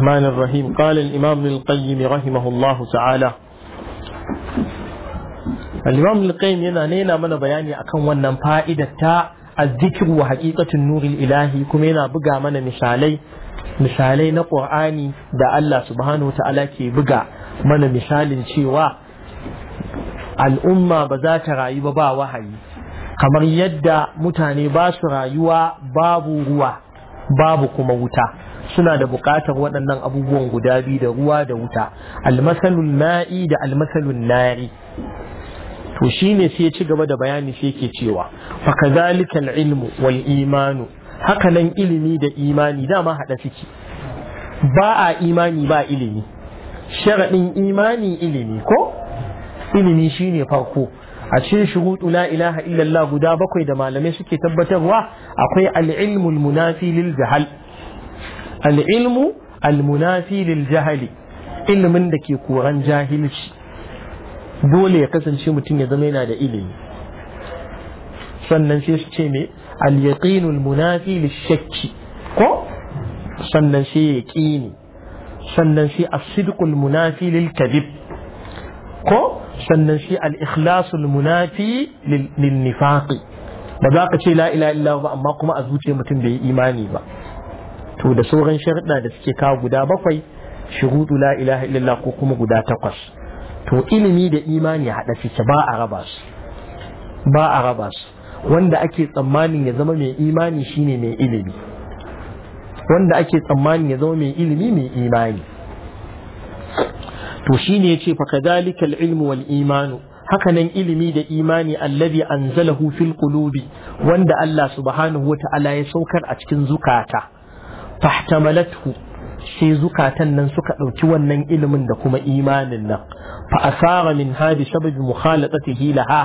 الرحمن الرحيم قال الإمام ابن القيم رحمه الله تعالى الإمام ابن القيم ينانينا من بياني أكون ونن فائدة تا الذكر وحقيقة النور الإلهي كمينا بقى من مشالي مشالي نقرآني دا الله سبحانه وتعالى كي بقى من مشال شيوا الأمة بذات رأي ببا وحي kamar yadda mutane ba su rayuwa babu ruwa babu kuma wuta suna da buƙatar waɗannan abubuwan guda biyu da ruwa da wuta almasalun ma'i da almasalun nari to shine sai ci gaba da bayani sai ke cewa fa kazalika ilmu wal imanu haka nan ilimi da imani dama haɗa suke ba a imani ba ilimi sharaɗin imani ilimi ko ilimi shine farko a cikin na la ilaha illallah guda bakwai da malamai suke tabbatarwa akwai al-ilmul munafi lil jahal al'ilmu munafi lil jahali ilimin da ke koran jahilci dole ya kasance mutum ya zama yana da ilimi sannan sai su ce me al-yaqinu al-munafi lish-shakki ko sannan sai yaqini sannan sai as-sidqu al-munafi lil-kadhib ko sannan sai al munafi lil-nifaqi ba za ka ce la ilaha ba amma kuma a zuciyar mutum bai yi imani ba to da sauran sharɗa da suke kawo guda bakwai shuruɗu la ilaha illallah ko kuma guda takwas to ilimi da imani haɗa suke ba a raba su ba a raba su wanda ake tsammanin ya zama mai imani shine mai ilimi wanda ake tsammanin ya zama mai ilimi mai imani to shine yace fa kadhalika al-ilmu wal imanu hakanan ilimi da imani allazi anzalahu fil qulubi wanda Allah subhanahu ta'ala ya saukar a cikin zukata fahtamalathu sai zukatan nan suka ɗauki wannan ilimin da kuma imanin nan fa asara min hadi sababi mukhalatatihi laha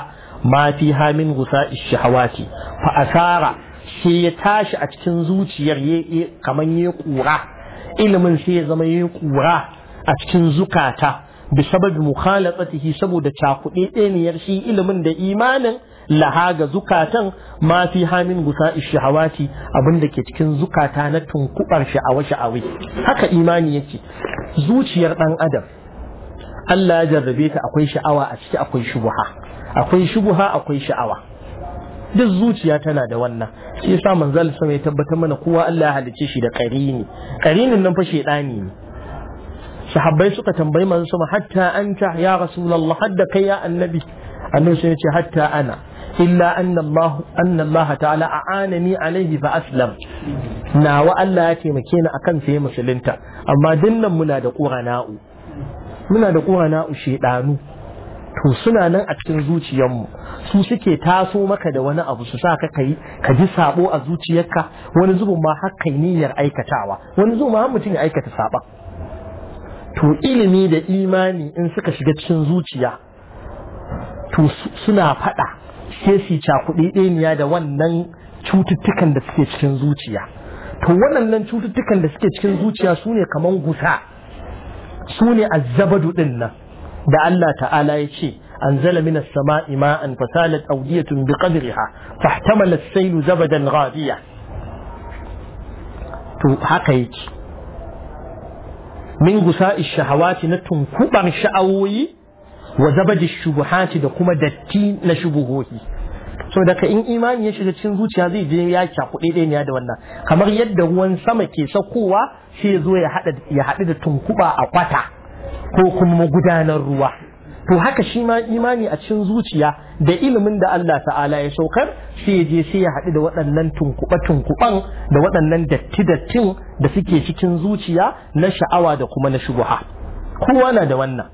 ma fiha min gusa'i shahawati fa asara sai ya tashi a cikin zuciyar ya kaman ya kura ilimin sai ya zama ya kura a cikin zukata bi sababi mukhalatatihi saboda cakuɗe ɗaniyar shi ilimin da imanin laha ga zukatan ma fi hamin gusa shahawati abinda ke cikin zukata na tunkubar sha'awa sha'awai haka imani yake zuciyar dan adam Allah ya jarrabe ta akwai sha'awa a ciki akwai shubuha akwai shubuha akwai sha'awa duk zuciya tana da wannan shi yasa manzal sama ya tabbatar mana kowa Allah ya halice shi da qarini qarinin nan fa shedani ne sahabbai suka tambayi manzo sama hatta anta ya rasulullah hadda kai ya annabi annabi sai ya ce hatta ana illa anna Allah anna Allah ta'ala a'anani alaihi fa aslam nawa Allah ya taimake ni akan sai musulunta amma dinnan muna da ƙurana'u muna da ƙurana'u shedanu to suna nan a cikin zuciyarmu su suke taso maka da wani abu su sa ka kai ka ji sabo a zuciyarka wani zubin ma har kai niyyar aikatawa wani zubin ma mutum ya aikata saba to ilimi da imani in suka shiga cikin zuciya to suna faɗa. sai cakuɗi ɗaya da wannan cututtukan da suke cikin zuciya to waɗannan cututtukan da suke cikin zuciya su ne kamar gusa su ne azzabadu ɗin nan da Allah ta'ala ya ce an zala mina sama ima'an fasalat audiyatun bi qadriha fa ihtamala sailu zabadan ghadiya to haka yake min gusa ish shahawati na tunkuban sha'awoyi wa zabaji shubuhati da kuma datti na shubuhohi so daga in imani ya shiga cikin zuciya zai je ya ci kuɗi ɗaya ne da wannan kamar yadda ruwan sama ke sakowa sai zo ya haɗu da tunkuba a kwata ko kuma gudanar ruwa to haka shi ma imani a cin zuciya da ilimin da Allah ta'ala ya saukar sai ya je sai ya haɗu da waɗannan tunkuɓa-tunkuɓan da waɗannan datti-dattin da suke cikin zuciya na sha'awa da kuma na shubuha kowa na da wannan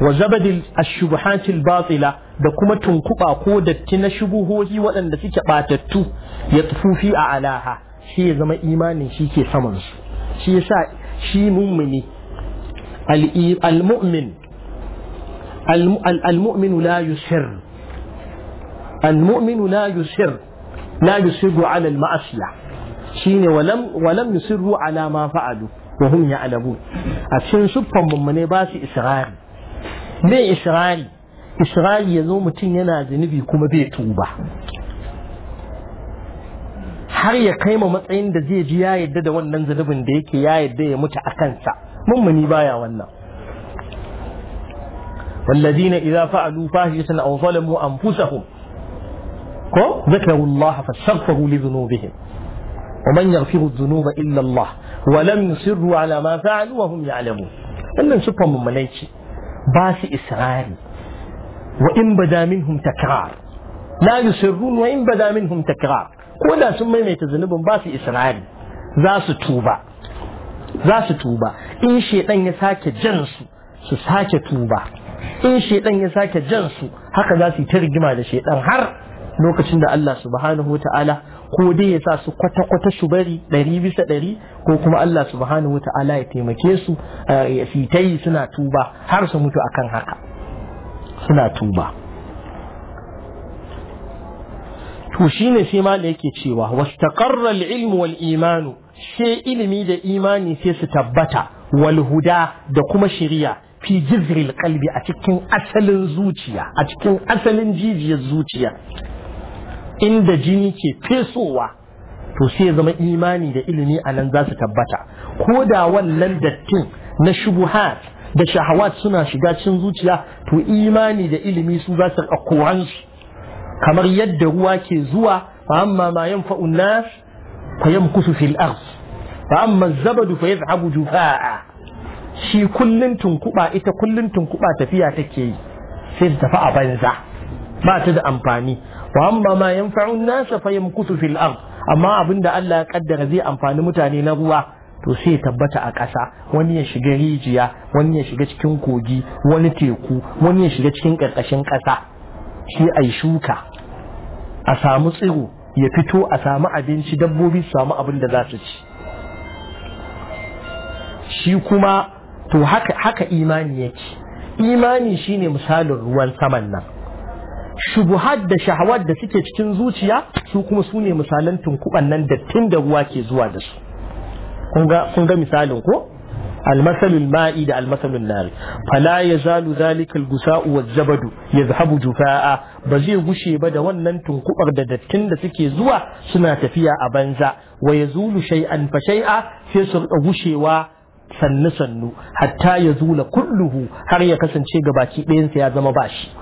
وزبد الشبهات الباطلة دكما تنكبا قودة تنشبهوهي وأن دكيك باتتو يطفو في أعلاها شيء زما إيمان شيء سمن شيء سا شيء مؤمن المؤمن المؤمن لا يسر المؤمن لا يسر لا يسر على المعصية شين ولم ولم يسروا على ما فعلوا وهم يعلمون أشين سبحان من باسي إسرائيل Mai israri israri ya zo mutum yana zunubi kuma bai tuba har ya kai ma matsayin da zai ji ya yadda da wannan zunubin da yake ya yadda ya mutu a kansa mummuni baya wannan والذين إذا فعلوا فاحشة أو ظلموا أنفسهم ذكروا الله فاستغفروا لذنوبهم ومن يغفر الذنوب إلا الله ولم يصروا على ما فعلوا وهم يعلمون wannan siffar mummunai ce باس إسراري وإن بدا منهم تكرار لا يسرون وإن بدا منهم تكرار ولا ثم ما يتذنبون باس إسراري ذاس توبة ذاس توبة إن شيطان يساك جنس ساك توبة إن شيطان يساك جنس هكذا su haka za su yi الله سبحانه وتعالى ko dai ya sa su kwata-kwata su bari ɗari bisa ɗari ko kuma Allah subhanahu wa ta'ala ya taimake su eh, ya fitayi suna tuba har su mutu akan haka suna tuba to shine sai ma da yake cewa wastaqarra al wal imanu sai ilimi da imani sai su tabbata wal huda da kuma shari'a fi jizril qalbi a cikin asalin zuciya a cikin asalin jijiyar zuciya inda jini ke fesowa to sai ya zama imani da ilimi a nan za su tabbata ko da wannan dattin na shubuhat da shahawat suna shiga cin zuciya to imani da ilimi su za su koransu kamar yadda ruwa ke zuwa fa amma ma yanfa'un nas fa yamkusu fil ard fa amma zabadu fa yazhabu jufaa shi kullun tunkuba ita kullun tunkuba tafiya take yi sai ta tafi a banza ba ta da amfani wa amma ma yanfa'u an-nas fa yamkutu fil ard amma abinda Allah ya kaddara zai amfani mutane na ruwa to sai ya tabbata a ƙasa wani ya shiga rijiya wani ya shiga cikin kogi wani teku wani ya shiga cikin ƙarƙashin ƙasa shi ai shuka a samu tsiro ya fito a samu abinci dabbobi su samu abin da za su ci shi kuma to haka haka imani yake imani shine misalin ruwan saman nan shubuhat da shahawat da suke cikin zuciya su kuma su ne misalan tunkuban nan dattin da ruwa ke zuwa da su kun ga misalin ko almasalul ma'i da almasalul nari fala yazalu zalikal gusa'u waz zabadu yazhabu jufaa ba zai gushe ba da wannan tunkubar da dattin da suke zuwa suna tafiya a banza wa yazulu shay'an fa shay'a sai su gushewa sannu sannu hatta ya zula kulluhu har ya kasance gabaki ɗayansa ya zama bashi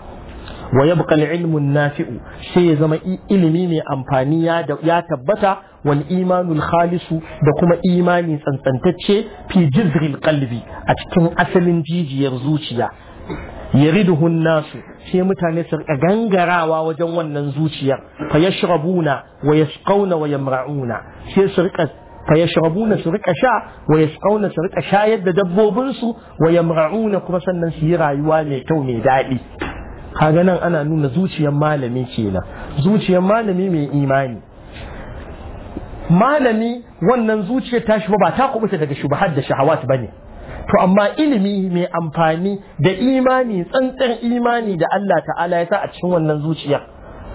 wa yabqa al-ilmu nafi'u sai ya zama ilimi mai amfani ya tabbata wal imanul khalisu da kuma imani tsantsantacce fi jizril qalbi a cikin asalin jijiyar zuciya yariduhu nasu sai mutane su gangarawa wajen wannan zuciyar fa yashrabuna wa yasqawna wa yamra'una sai su rika fa yashrabuna su rika sha wa yasqawna su rika shayar da dabbobinsu wa yamra'una kuma sannan su yi rayuwa mai kyau mai daɗi kaga nan ana nuna zuciyar malami kenan zuciyar malami mai imani malami wannan zuciyar ta shuba ba ta kubuta daga shubahat da shahawat bane to amma ilimi mai amfani da imani tsantsan imani da Allah ta'ala ya sa a cikin wannan zuciyar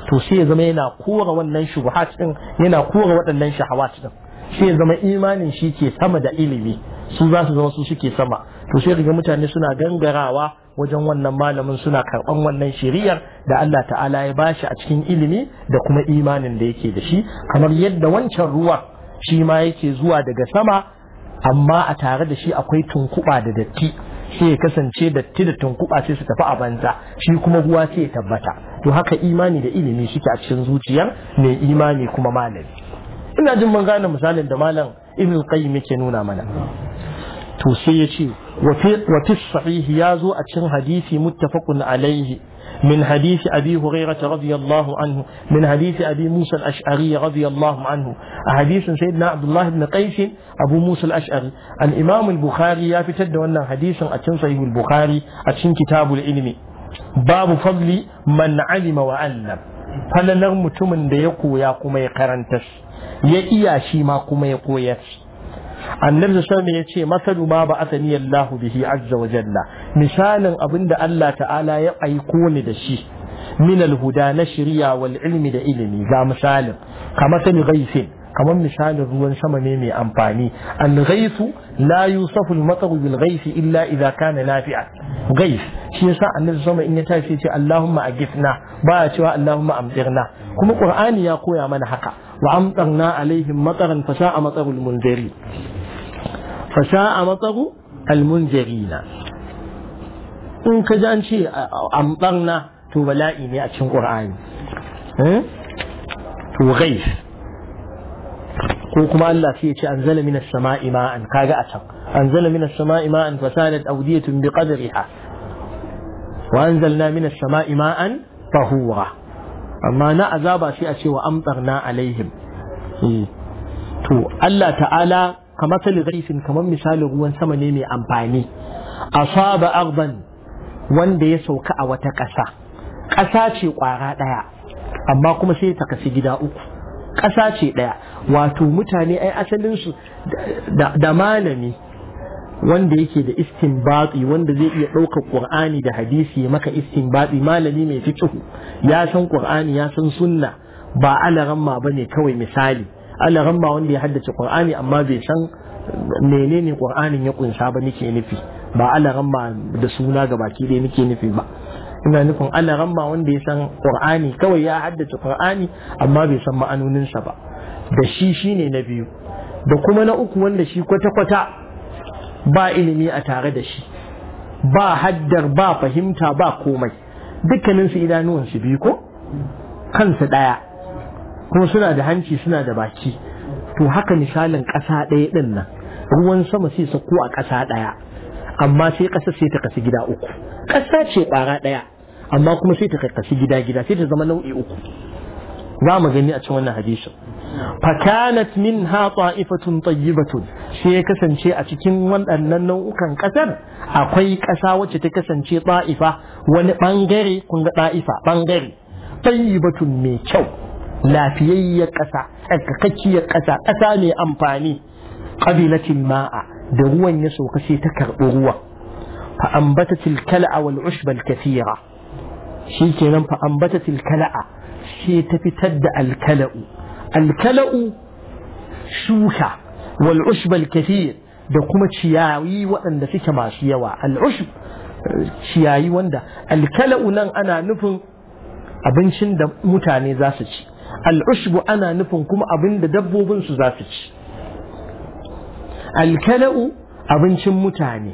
to sai ya zama yana kora wannan shubuhat din yana kora waɗannan shahawat din sai ya zama imanin shi ke sama da ilimi su za su zama su suke sama to sai daga mutane suna gangarawa wajen wannan malamin suna karɓan wannan shiriyar da Allah ta'ala ya bashi a cikin ilimi da kuma imanin da yake da shi kamar yadda wancan ruwa shi ma yake zuwa daga sama amma a tare da shi akwai tunkuɓa da datti sai ya kasance datti da tunkuɓa sai su tafi a banza shi kuma ruwa sai ya tabbata to haka imani da ilimi suke a cikin zuciyar mai imani kuma malami ina jin mun gane misalin da malam ibn qayyim yake nuna mana to sai ya ce wafi sahih ya zo a cikin hadisi muttafaqun alaihi min hadisi abi hurairah radiyallahu anhu min hadisi abi musa al-ash'ari radiyallahu anhu a hadisin saidina abdullah ibn qais abu musa ashari al imamul al-bukhari ya fitar da wannan hadisin a cin sahih al a cikin kitabul ilimi. babu fadli man alima wa Allah. falalar mutumin da ya koya kuma ya karanta ya iya shi ma kuma ya koyar shi annabi sallallahu ya ce masalu ma ba asani Allahu bihi azza wa jalla misalin abinda Allah ta'ala ya aiko ni da shi min alhuda na shiriya wal ilmi da ilimi ga misalin kamar sani gaisin kamar misalin ruwan sama ne mai amfani al gaisu la yusafu al mataru bil illa idza kana nafi'a gais shi yasa annabi sama in ya tashi ce Allahumma agifna baya cewa Allahumma amtirna kuma qur'ani ya koya mana haka wa amtarna alaihim mataran fasha'a matarul munziri fasa'a matsaru almunzirina in ka ji an ce ambarna to bala'i ne a cikin ƙur'ani to ghais ko kuma Allah sai ya ce an zala minas sama'i ma'an kaga a can zala minas sama'i ma'an fasalat awdiyatun bi ha? wa anzalna minas sama'i ma'an tahura amma na azaba sai a ce wa amtarna alaihim to Allah ta'ala kamar sali gaisin kamar misalin ruwan sama ne mai amfani asaba arban wanda ya sauka a wata ƙasa ƙasa ce ƙwara ɗaya amma kuma sai ta kasi gida uku ƙasa ce ɗaya wato mutane ai asalinsu da malami wanda yake da istinbati wanda zai iya ɗaukar ƙur'ani da hadisi maka istinbati malami mai fikihu ya san ƙur'ani ya san sunna ba alaramma ba ne kawai misali alaran ba wanda ya haddace qur'ani amma bai san menene qur'anin ya kunsa ba nake nufi ba alaran ba da suna ga baki dai nake nufi ba ina nufin alaran ba wanda ya san qur'ani kawai ya haddace qur'ani amma bai san sa ba da shi shine na biyu da kuma na uku wanda shi kwata-kwata ba ilimi a tare da shi ba haddar ba fahimta ba komai dukkaninsu idanuwansu biyu ko kansu ɗaya kuma suna da hanci suna da baki to haka misalin ƙasa ɗaya ɗin nan ruwan sama sai sauko a ƙasa ɗaya amma sai ƙasa sai ta kasu gida uku ƙasa ce ƙwara ɗaya amma kuma sai ta kasu gida gida sai ta zama nau'i uku za mu gani a cikin wannan hadisin fakanat ha ta'ifatun tayyibatun sai ya kasance a cikin waɗannan nau'ukan ƙasar akwai ƙasa wacce ta kasance ta'ifa wani ɓangare kun ga ta'ifa ɓangare tayyibatun mai kyau lafiyayyar ƙasa tsarkakakkiyar ƙasa ƙasa mai amfani qabilatil ma'a da ruwan ya sauka sai ta karɓi ruwan fa ambatatil kala'a wal ushbal kathira shikenan fa ambatatil kala'a sai ta fitar da alkala'u alkala'u shuka wal ushbal kathir da kuma ciyayi waɗanda suke masu yawa al ushb ciyayi wanda alkala'u nan ana nufin abincin da mutane za su ci al'ushbu ana nufin kuma abin da dabbobin su za su ci alkala'u abincin mutane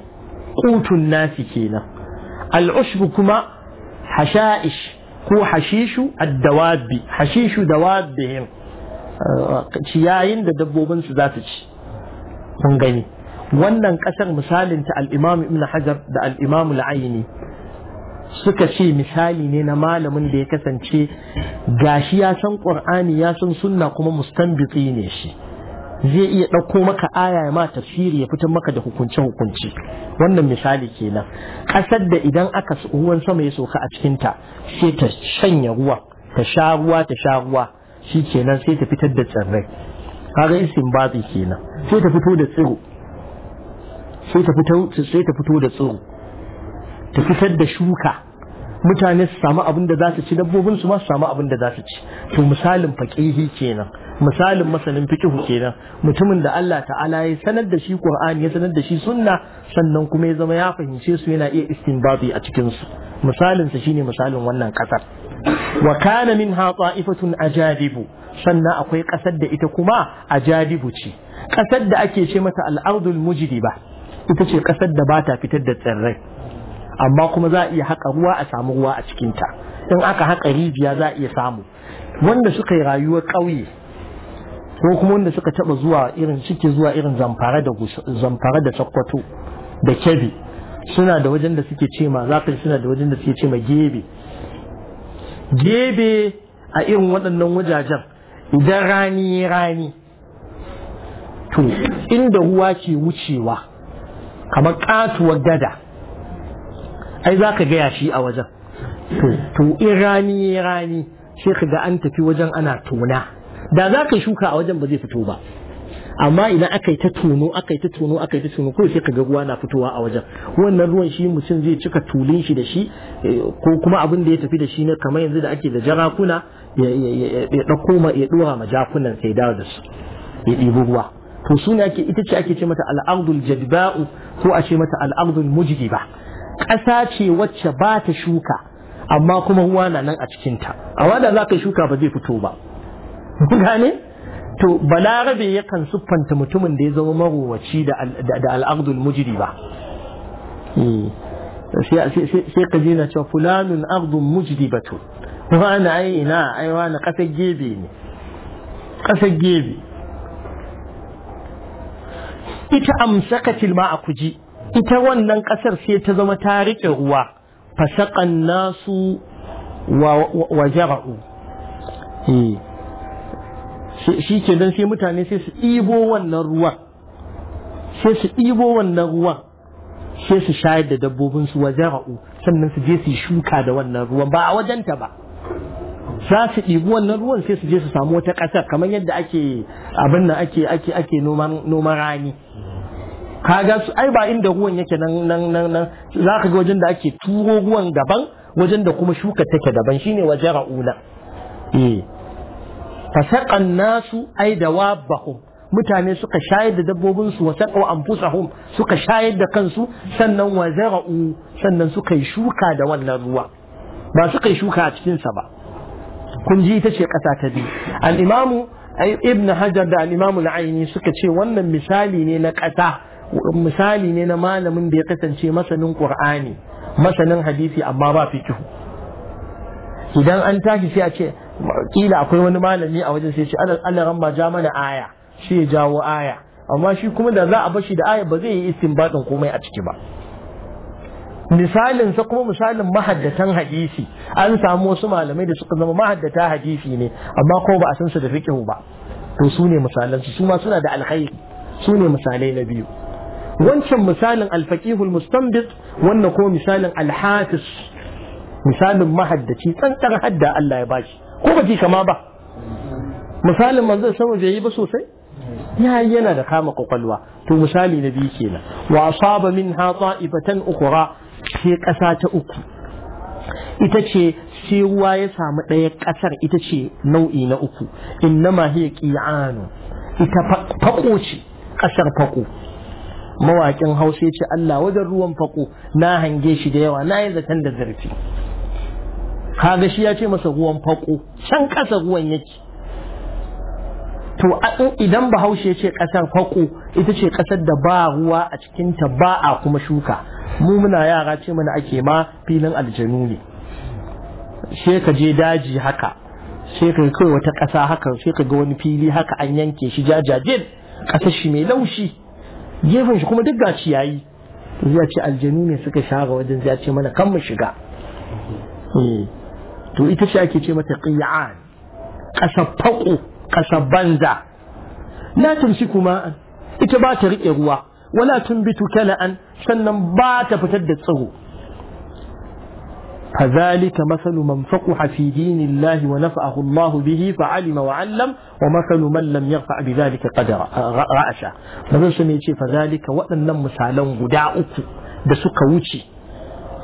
ƙutun nasi kenan al'ushbu kuma hasha'ish ko hashishu addawabi hashishu dawabihim ciyayin da dabbobin su za su ci kun gani wannan ƙasar misalinta Al'imamu al-imam ibn hajar da Al'imamu imam al suka ce misali ne na malamin da ya kasance gashi ya san ƙur'ani ya san sunna kuma mustanbiti ne shi zai iya ɗauko maka aya ma tafsiri ya fitar maka da hukunce hukunci wannan misali kenan ƙasar da idan aka ruwan sama ya soka a cikinta sai ta shanya ruwa ta sha ruwa ta sha ruwa shi kenan sai ta fitar da tsirrai kaga istinbati kenan sai ta fito da tsiro sai ta fito da tsiro ta fitar da shuka mutane su samu abin da za su ci dabbobin su ma su samu abin da za su ci to misalin faqihi kenan misalin masanin fiqhu kenan mutumin da Allah ta'ala ya sanar da shi Qur'ani ya sanar da shi sunna sannan kuma ya zama ya fahimce su yana iya istinbabi a cikin su misalin sa shine misalin wannan kasar wa kana minha ta'ifatun ajadibu sannan akwai kasar da ita kuma ajadibu ce kasar da ake ce mata al-ardul mujdiba ita ce kasar da ba ta fitar da tsirrai amma kuma za a iya haƙa ruwa a samu ruwa a cikinta in aka haƙa rijiya za a iya samu wanda suka yi rayuwar ƙauye ko kuma wanda suka taɓa zuwa irin suke zuwa irin zamfara da zamfara da sakkwato da kebe suna da wajen da suke ce ma za suna da wajen da suke ce ma gebe gebe a irin waɗannan wajajen idan rani rani to inda ruwa ke wucewa kamar katuwar gada ai za ka gaya shi a wajen to in rani ya rani sai ka ga an tafi wajen ana tona da za ka shuka a wajen ba zai fito ba amma idan aka yi ta tono aka yi ta tono aka yi ta tono kawai sai ka ga ruwa na fitowa a wajen wannan ruwan shi mutum zai cika tulin shi da shi eh, ko kuma abin da ya tafi da shi ne kamar yanzu da ake da jarakuna ya ɗauko ma ya ɗora ma jakunan sai dawo da su ya ɗibi ruwa to suna ake ita ce ake ce mata al'ardul jadba'u ko a ce mata al'ardul ba ƙasa ce wacce ba ta shuka amma kuma ruwa na nan a cikinta a wanda za ka shuka ba zai fito ba gane to balarabe yakan siffanta mutumin da ya zama marowaci da al'ardul mujri ba eh, sai ka ji na cewa fulanun ardun mujri batu wani ai ina ai wani ƙasar gebe ne ƙasar gebe ita amsakatil ma a kuji ita wannan kasar sai ta zama ta riƙe ruwa fasaƙan nasu wa jara'u eh. shi ke don sai mutane sai su ibo wannan ruwan sai su ibo wannan ruwan sai su shayar da dabbobinsu wa jara'u sannan su je su shuka da wannan ruwan ba a wajenta ba za su ɗibi wannan ruwan sai su je su samu wata ƙasar kamar yadda ake abin nan ake ake ake noman rani kaga su ai ba inda ruwan yake nan nan nan nan ka ga wajen da ake turo ruwan daban wajen da kuma shuka take daban shine waje ra'ula eh fasaqan nasu ai dawabahum mutane suka shayar da dabbobin su wasaqu anfusahum suka shayar da kansu sannan wazara'u sannan suka yi shuka da wannan ruwa ba suka yi shuka a cikin sa ba kun ji ita ce kasa ta biyu al-imamu ibn hajar da al-imamu al-aini suka ce wannan misali ne na kasa misali ne na malamin da ya kasance masanin ƙur'ani, masanin hadisi amma ba fiqh idan an tashi sai a ce kila akwai wani malami a wajen sai ce Allah ba ja mana aya shi ya jawo aya amma shi kuma da za a bashi da aya ba zai yi istinbatin komai a ciki ba misalin sa kuma misalin mahaddatan hadisi an samu wasu malamai da suka zama mahaddata hadisi ne amma ko ba a san su da fiqh ba to su ne misalan su ma suna da alkhairi su ne misalai na biyu wancan misalin alfaqihul mustanbit wannan ko misalin alhafiz misalin mahaddaci tsantsar hadda Allah ya bashi ko ba kama ba misalin manzon sama bai yi ba sosai ya yana da kama kwakwalwa to misali na biyu kenan wa asaba minha ta'ibatan ukhra sai kasa ta uku ita ce sai ruwa ya samu ɗaya ƙasar ita ce nau'i na uku innama hiya qi'anu ita fako ce ƙasar faƙo mawaƙin hausa ya ce Allah wajen ruwan fako na hange shi da yawa na yi zaton da zarfi kaga shi ya ce masa ruwan faƙo. can ƙasa ruwan yake to idan bahaushe ce ƙasar faƙo ita ce ƙasar da ba ruwa a cikinta ba a kuma shuka mu muna yara ce mana ake ma filin aljanu ne sai je daji haka sai kai wata ƙasa haka sai wani fili haka an yanke shi jajajen ƙasar shi mai laushi gefen shi kuma duk ga ciyayi zai ce aljanu ne suka share wajen zai ce mana kan mu shiga eh. to ita ce ake ce mata qiyan kasar faƙo kasar banza kuma ita ba ta riƙe ruwa wala tumbitu kala'an sannan ba ta fitar da tsiro فذلك مثل من فقه في دين الله ونفعه الله به فعلم وعلم ومثل من لم يرفع بذلك قدر رأشا فذلك وأن مسالم غداء da suka wuce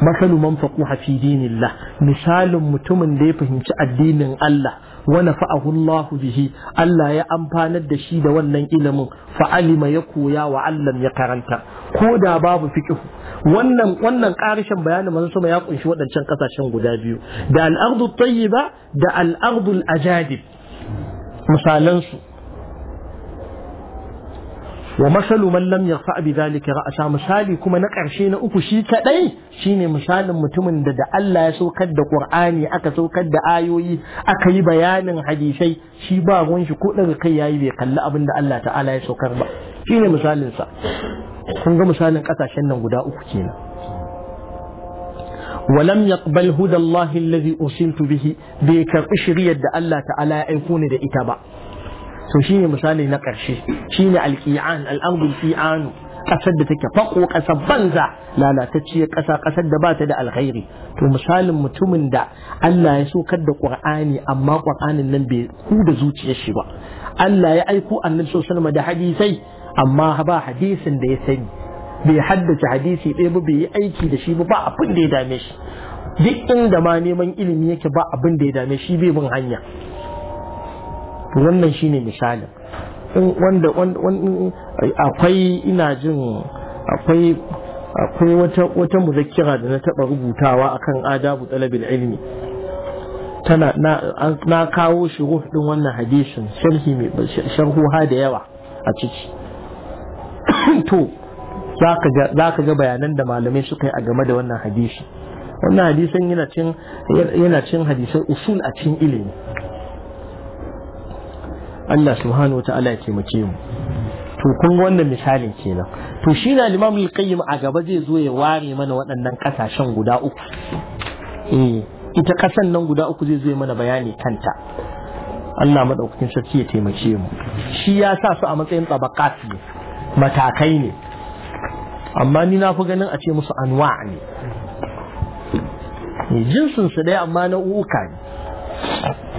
masalu man faquha fi dinillah misalin mutumin da ya fahimci addinin Allah wa nafa'ahu Allah bihi Allah ya amfanar da shi da wannan ilimin fa ya koya wa Allah ya karanta ko da babu fiqh wannan wannan karishin bayanin masu sama ya kunshi waɗancan kasashen guda biyu da al-ardu da al-ardu al wa masalu man lam yarfa bi zalika ra'sa misali kuma na ƙarshe na uku shi kadai shine misalin mutumin da da Allah ya saukar da Qur'ani aka saukar da ayoyi aka yi bayanin hadisai shi ba gon shi ko daga kai yayi bai kalli abin da Allah ta'ala ya saukar ba shine misalin sa kun ga misalin kasashen nan guda uku kenan ولم يقبل هدى الله الذي أرسلت به بكر إشرية الله تعالى da ita ba. to shine misali na ƙarshe shine alqi'an al'amdul fi'anu ƙasar da take fako ƙasar banza lalatacciyar ƙasa ƙasar da ba ta da alkhairi to misalin mutumin da Allah ya sokar da ƙur'ani amma ƙur'anin nan bai ku da zuciyar shi ba Allah ya aiko annabi sallallahu alaihi da hadisai amma ba hadisin da ya sani bai haddace hadisi ɗaya ba bai yi aiki da shi ba ba abin da ya dame shi duk inda ma neman ilimi yake ba abin da ya dame shi bai bin hanya wannan shine misalin wanda akwai ina jin akwai akwai wata wata muzakkira da na taba rubutawa akan adabu talabil ilmi tana na na kawo shi din wannan hadisin sharhi mai sharhuha da yawa a ciki to zaka ga zaka ga bayanan da malamai suka yi a game da wannan hadisi wannan hadisin yana cin yana cin hadisan usul a cikin ilimi Allah subhanahu wa ta'ala ya taimake mu to kun ga wannan misalin kenan to shi na limam al-qayyim a gaba zai zo ya ware mana waɗannan ƙasashen guda uku eh ita kasan nan guda uku zai zo ya mana bayani kanta Allah madaukakin sarki ya taimake mu shi ya sa su a matsayin tabaqat ne matakai ne amma ni na fi ganin a ce musu anwa ne eh, jinsin su dai amma na uka ne